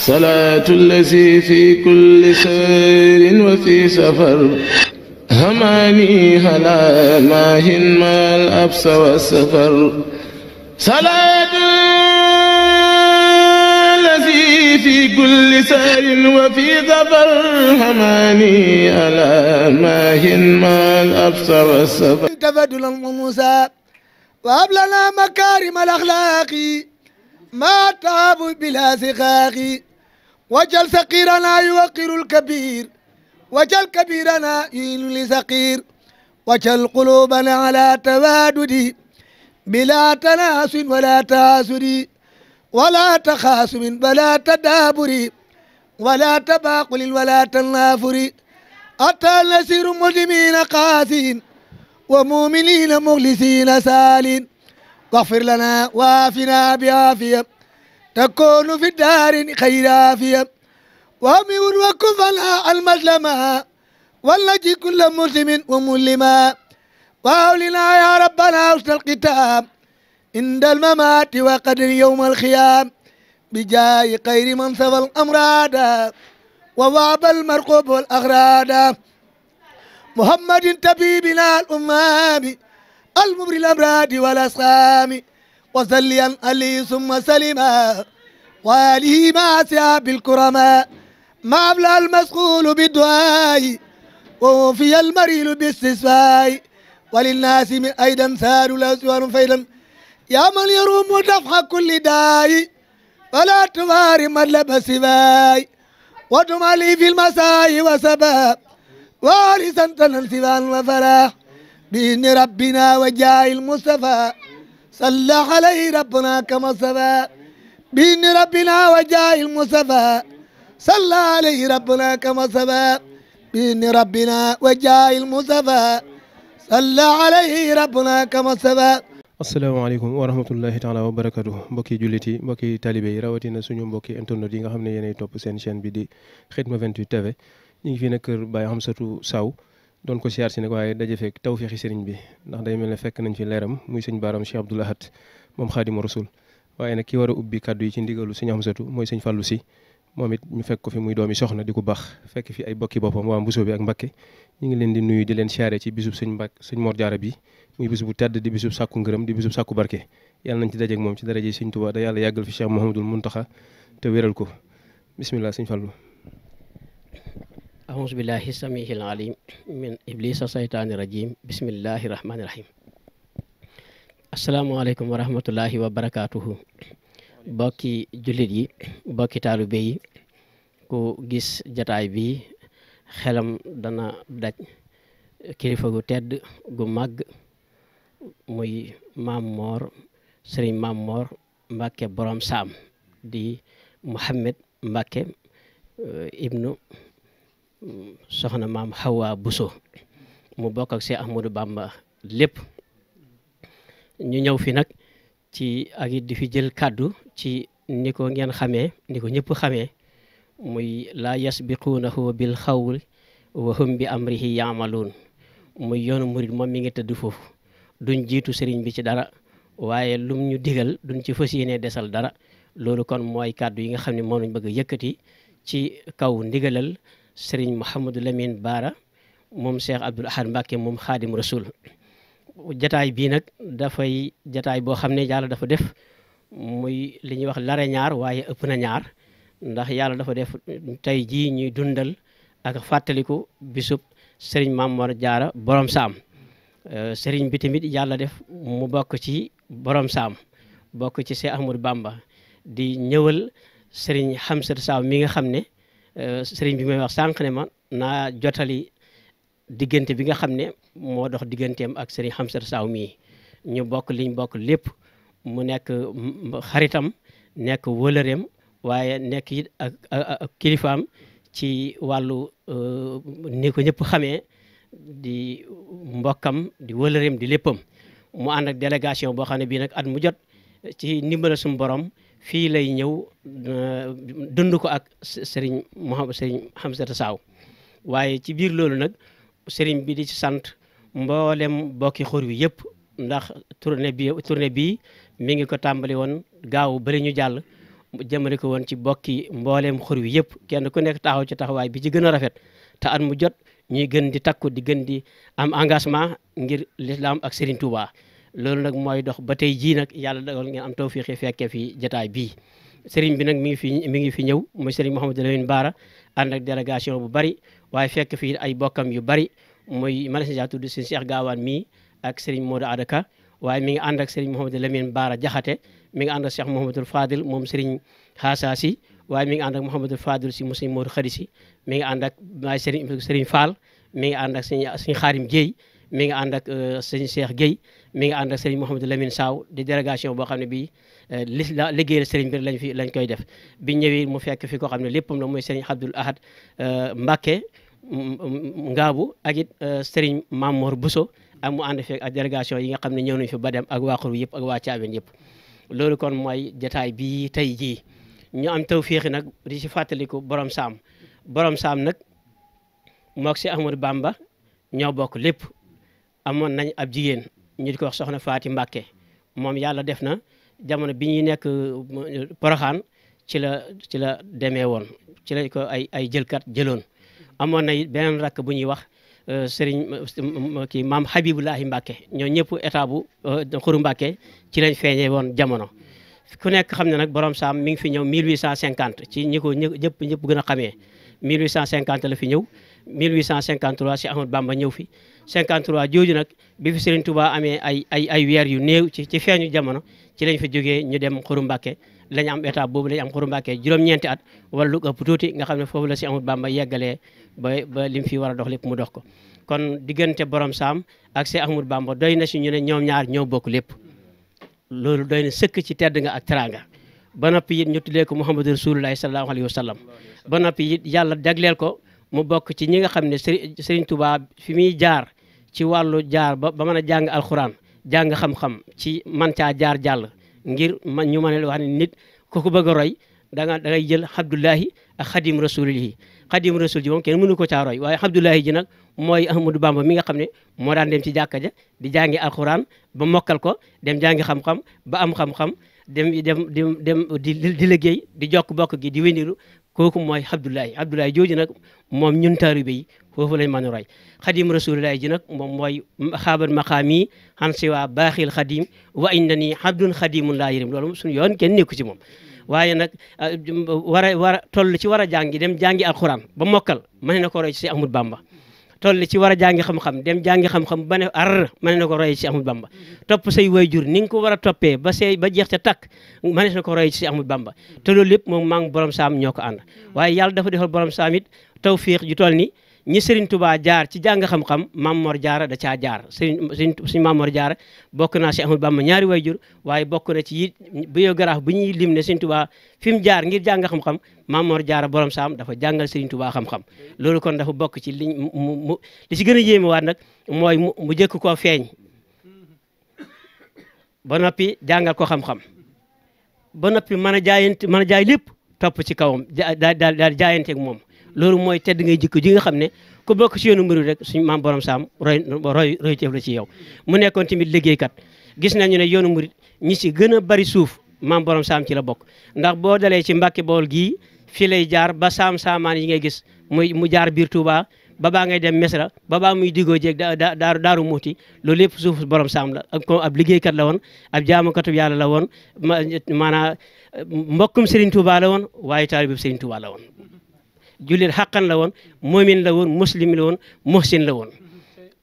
salaatu lazi fi kulli sayrin wa fi safar hamaani halaa maahin maal absa wa safar salaatu lazi fi kulli sayrin wa fi safar hamaani halaa maahin maal absa wa safar تفضلا وموسى وهب لنا مكارم الأخلاق ما تعب بلا سخاق wajal saqirana yuwaqirul kabir wajal kabirana yuinu li saqir wajal qulubana ala tawadudi bila tanasun wala taasudi wala taxaasumin wala tadaaburi wala tabaqulin wala tanaafuri atta nasiru muslimina qaasiin wa muminina muxlisina saalin waxfir lana waafina biaafiya تكون في الدار خير عافية وامئ وكفلا المسلمة والنجي كل مسلم وملما وأولنا يا ربنا حسن الختام عند الممات وقدر يوم الخيام بجاه خير من سوى الأمراض ووعب المرقوب والأغراض محمد طبيبنا الأمام المبري الأمراض والأسقام وسلم عليه ثم سلما وآله مع أصحاب الكرماء ما أبلى المسغول بالدعاء ووفي المريل بالاستسفاء وللناس من أيضا سار له سوار فيدا يا من يروم دفع كل داء فلا تواري مطلب سواي وتمالي في المساء وسباب وارثا سنتنا وفراح بإذن ربنا وجاه المصطفى صلى عليه ربنا كما صفى بإن ربنا وجاء المصفى صلى عليه ربنا كما صفى بإن ربنا وجاء المصفى صلى عليه ربنا كما صفى asalaamaaleykum wa rahmatullahi taala wa barakatu mbokki jullit yi mbokki talibe yi rawatina suñu mbokki internet yi nga xam ne yéenay topp seen chaîne bi di Khidma 28 TV ñu ngi fii nag kër Baye Hamsatou Sow doon ko siyaar si nag waaye daje fekk tawféexi sëriñ bi ndax day mel ne fekk nañ fi leeram muy sëñ baaram Cheikh Abdoul Ahad moom xaadimu rasul waaye nag ki war a ubbi kàddu yi ci ndigalu sëñ Amsatu mooy sëñ Fàllu si moom it ñu fekk fi muy doomi soxna di ko baax fekk fi ay bokki boppam waa mbusoo bi ak Mbakke ñu ngi leen di nuyu di leen siyaare ci bisub sëñ Mbak sëñ Mor Jaara bi muy bis bu tedd di bisub sàkku ngërëm di bisub sàkku barke yàlla nañ ci dajeek moom ci daraje sëñ Tuubaa da yàlla yàggal fi Cheikh Mouhamadul Muntaxa te wéral ko bismillah sëñ Fàllu أعوذ بالله السميع العليم من إبليس الشيطان bokki jullit yi bokki taalibe yi ku gis jataay bi xelam dana daj kilifa gu tedd gu màgg muy maam moor sëriñ maam moor mbàkke borom saam di Mouhamed Mbàkke eh, ibnu soxna maam Hawa buso mu bokk ak Cheikh Ahmadou Bamba lépp ñu ñëw fi nag ci ak it di fi jël kàddu ci ni ko ngeen xamee ni ko ñëpp xamee muy laa yasbiquunahu bil xaw wa hum bi amrihi yaamaluun muy yoonu murit moom mi ngi tëdd foofu duñ jiitu sëriñ bi ci dara waaye lum ñu digal duñ ci fas yéenee desal dara loolu kon mooy kàddu yi nga xam ne moom lañ bëgg a yëkkati ci kaw ndigalal sëriñ Mouhamadou Lamine Baara moom Cheikh Abdoul Ahad Mbacke moom xaadim rasul jataay bii nag dafay jataay boo xam ne yàlla dafa def muy li ñuy wax lare ñaar waaye ëpp na ñaar ndax yàlla dafa def tey jii ñuy dundal ak fàttaliku bisub sëriñ Mamor Jaara borom saam euh, sëriñ bi tamit yàlla def mu bokk ci borom saam bokk ci Cheikh Ahmadou Bamba di ñëwal sëriñ Xamsat Saam mi nga xam ne sëriñ bi may wax sànq ma naa jotali diggante bi nga xam ne moo dox digganteem ak sëriñ Hamsat Saw mii ñu bokk liñ bokk lépp mu nekk xaritam nekk wëlëreem waaye nekk it ak ak kilifaam ci wàllu euh, ni ko ñëpp xamee di mbokkam di wëlëreem di léppam mu ànd ak délégation boo xam ne bii nag at mu jot ci ndimbala sum borom fii lay ñëw euh, dund ko ak sëriñ Mouhamed sëriñ Hamzata Saaw waaye ci biir loolu nag sëriñ bi di ci sant mboolem mbokki xur wi yëpp ndax tournée bi tournée bii mi ngi ko tàmbali woon gaaw bari ñu jàll jëmale ko woon ci bokki mboolem xur wi yëpp kenn ku nekk taxaw ci taxawaay bi ci gën a rafet te at mu jot ñuy gën di takku di gën di am engagement ngir l'islam ak Serigne Touba. loolu nag mooy dox ba tey jii nag yàlla dogal ngeen am tawfiixi fekke fi jataay bii seriñ bi nag mi ngi fi mi ngi fi ñëw muy sëriñ Mouhamadou Lamine Bara ànd ak délégation bu bari waaye fekk fii ay bokkam yu bari muy manasindia tudd si Cheikh Gaawaan mii ak sëriñ mood Adaka waaye mi ngi ànd ak sëriñ Mouhamadou Lamine Bara Jaxate mi ngi ànd ak Cheikh Mouhamadou Fadil moom sëriñ Xaasa si waaye mi ngi ànd ak Mouhamadou Fadil si mu sëriñ Modou Xari si mi ngi ànd ak waaye sëriñ sëriñ Fall mi ngi ànd ak sëriñ sëriñ Xaarim Guèye mi ngi ànd ak euh, sëriñ Cheikh Guèye mi ngi ànd ak sëriñ Mouhamadou Lamine Saw di délégation boo xam ne bii euh, li la liggéeyal sëriñ bi lañ fi lañ koy def bi ñëwee mu fekk fi ko xam ne léppam la mooy sëriñ Abdoul Ahad euh, Mbacké Ngaabu ak it euh, sëriñ Mamor Bousso ak mu ànd fekk ak délégation yi nga xam ne ñëw nañ fi ba dem ak waa xuru yëpp ak waa caabeen yëpp loolu kon mooy jataay bii tey jii ñu am tawféexi nag di si fàttaliku borom sam borom saam nag mook si Ahmadou Bamba ñoo bokk lépp amoon nañ ab jigéen ñu di ko wax soxna Faati Mbàkke moom yàlla def na jamono bi ñuy nekk euh, Poroxaan ci la ci la demee woon ci lañ ko ay ay jëlkat jëloon amoon na beneen rakk bu ñuy wax euh, sëriñ euh, kii maam Habibulaahi Mbàkke ñoom ñëpp état bu xuru Mbàkke ci lañ feeñee woon jamono ku nekk xam ne nag borom saam mi ngi fi ñëw 1850 ci ñi ko ñëpp ñëpp gën a xamee 1850 la fi ñëw 1853 Cheikh Ahmad Bamba ñëw fi 53 jooju nag bi fi Serigne Touba yu néew ci ci feeñu jamono ci lañ fi joge ñu dem Xuru Mbàkke lañ am état boobu lañ am Xuru Mbàkke juróom-ñeenti at wala lu ëpp tuuti nga xam ne foofu la Cheikh Ahmad Bamba yeggalee lee ba lim fi war a dox lépp mu dox ko kon diggante borom sam ak Cheikh Ahmad Bamba doy na si ñu ne ñoom ñaar ñoo bokk lépp loolu doy na sëkk ci tedd nga ak teraanga ba noppi yit ñu tuddee ko Muhammadu Rasulullahi sallallahu alayhi wa sallam ba noppi it yàlla jagleel mu bokk ci ñi nga xam ne Serigne tubaab fi muy jaar ci wàllu jaar ba ba mën a jàng alxuraan jàng xam ci man caa jaar jàll ngir man ñu mën a wax ne nit ku ko bëgg a roy da nga da ngay jël Abdullahi ak xadim rasulihi xadim rasul ji kenn mënu ko caa roy waaye Abdullahi ji nag mooy Ahmadou Bamba mi nga xam ne moo daan dem ci jàkka ja di jàngi alxuraan ba mokkal ko dem jàngi xam-xam ba am xam-xam dem dem dem dem di di liggéey di jokk bokk gi di wéniru kooku mooy Abdoulaye Abdoulaye jooju nag moom ñun taalibe yi foofu lañ mën a roy xadim rasulillahi ji nag moom mooy xaabar maqaami xan siwaa baaxil xadim wa inna ni abdun xadimun laa yërim loolu suñu yoon kenn nekku ci moom waaye nag ah, war a war a toll ci war a jàngi dem jàngi alxuraan ba mokkal mën na ko roy ci Ahmadu Bamba toll ci war a jàngi xam dem jàngi xam-xam ba ne ar mënees na ko royee ci Ahmadu Bamba topp say waajur ni nga ko war a toppee ba say ba jeex ca takk mënees na ko royee ci Ahmadu Bamba te loolu lépp moom maa ngi borom saam ñoo ko ànd waaye dafa defal borom saam it tawfiix ju toll ni ñi Serigne tubaa jaar ci jàng xam mam Mamor Jaara da caa jaar Serigne Serigne Mamor Jaara bokk naa si bam Bamba ñaari wayjur waaye bokk na ci yi biographe bu ñuy lim ne Serigne Touba fi mu jaar ngir jàng xam-xam Mamor Jaara borom saam dafa jàngal Serigne tubaa xam-xam loolu kon dafa bokk ci liñ mu li si gën a yéeme waat nag mooy mu jëkk koo feeñ ba noppi jàngal ko xam-xam ba noppi mën a jaayante mën a jaay lépp topp ci kawam daal daal jaayanteeg moom loolu mooy tedd ngay jikko ji nga xam ne ku bokk si yoonu mbir rek suñu maam borom saam roy roy roy teef la ci yow mu nekkoon tamit kat gis nañu ne yoonu murit ñi si gën a bari suuf maam borom saam ci la bokk ndax boo dalee ci mbàkke bool gii fii lay jaar ba saam saamaan yi ngay gis muy mu jaar biir Touba ba baa ngay dem Mesra ba baa muy digoo jeeg da daaru muuti loolu yëpp suuf borom saam la ak ab kat la woon ab jaamukatu yàlla la woon maanaam mbokkum Serigne Touba la woon waaye taalibu Serigne la woon jullit xàqan la woon moomin la woon muslim la woon muhsin la woon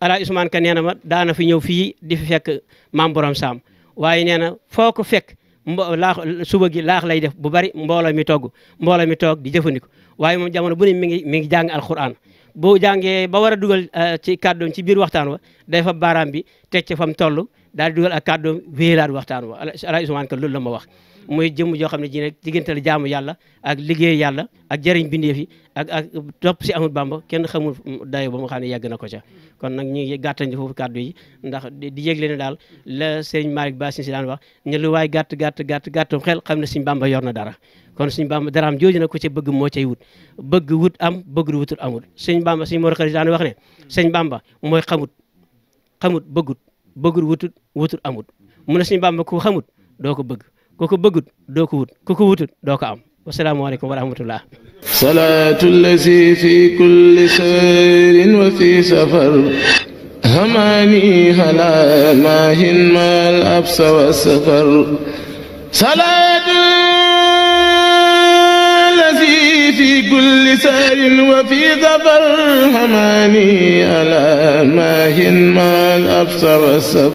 alaa Ousmane Ka nee na ma daana fi ñëw fii di fi fekk maam borom saam waaye nee na foo ko fekk mbo laax suba gi laax lay def bu bari mbooloo mi togg mbooloo mi toog di jëfandikoo waaye moom jamono bu ne mi ngi mi ngi jàng alxuraan boo jàngee ba war a dugal eh, ci kàddoom ci biir waxtaan wa day fa baaraam bi teg ci fa mu toll daal di dugal ak kàddoom wéyalaat waxtaan wa ala Ousmane Ka loolu la ma wax mooy jëmm joo xam ne ji ne diggante la jaamu yàlla ak liggéey yàlla ak jëriñ bindeef yi ak ak topp si amul bamba kenn xamul dayo ba mu xam ne yàgg na ko ca kon nag ñu ngi gàttandi foofu kàddu yi ndax di yëgle daal la sëriñ Malick Ba si daan wax ne lu waay gàtt gàtt gàtt gàttum xel xam ne suñ bamba yor na dara kon suñ bamba daraam jooju na ko ca bëgg moo cay wut bëgg wut am bëgg wutul amul suñ bamba suñ mor xarit daan wax ne sëñ bamba mooy xamut xamut bëggut bëggul wutut wutut amut mu ne suñu bàmba ku xamut doo ko bëgg ku ko bëggut doo ko wut ku ko wutut doo ko am wasalaamaaleykum wa rahmatullah salaatu lazi fi kulli sayrin wa fi safar hamaani hala maahin maal absa wa safar في كل سهر وفي ظفر حماني على ماهن ما الأبصر والسفر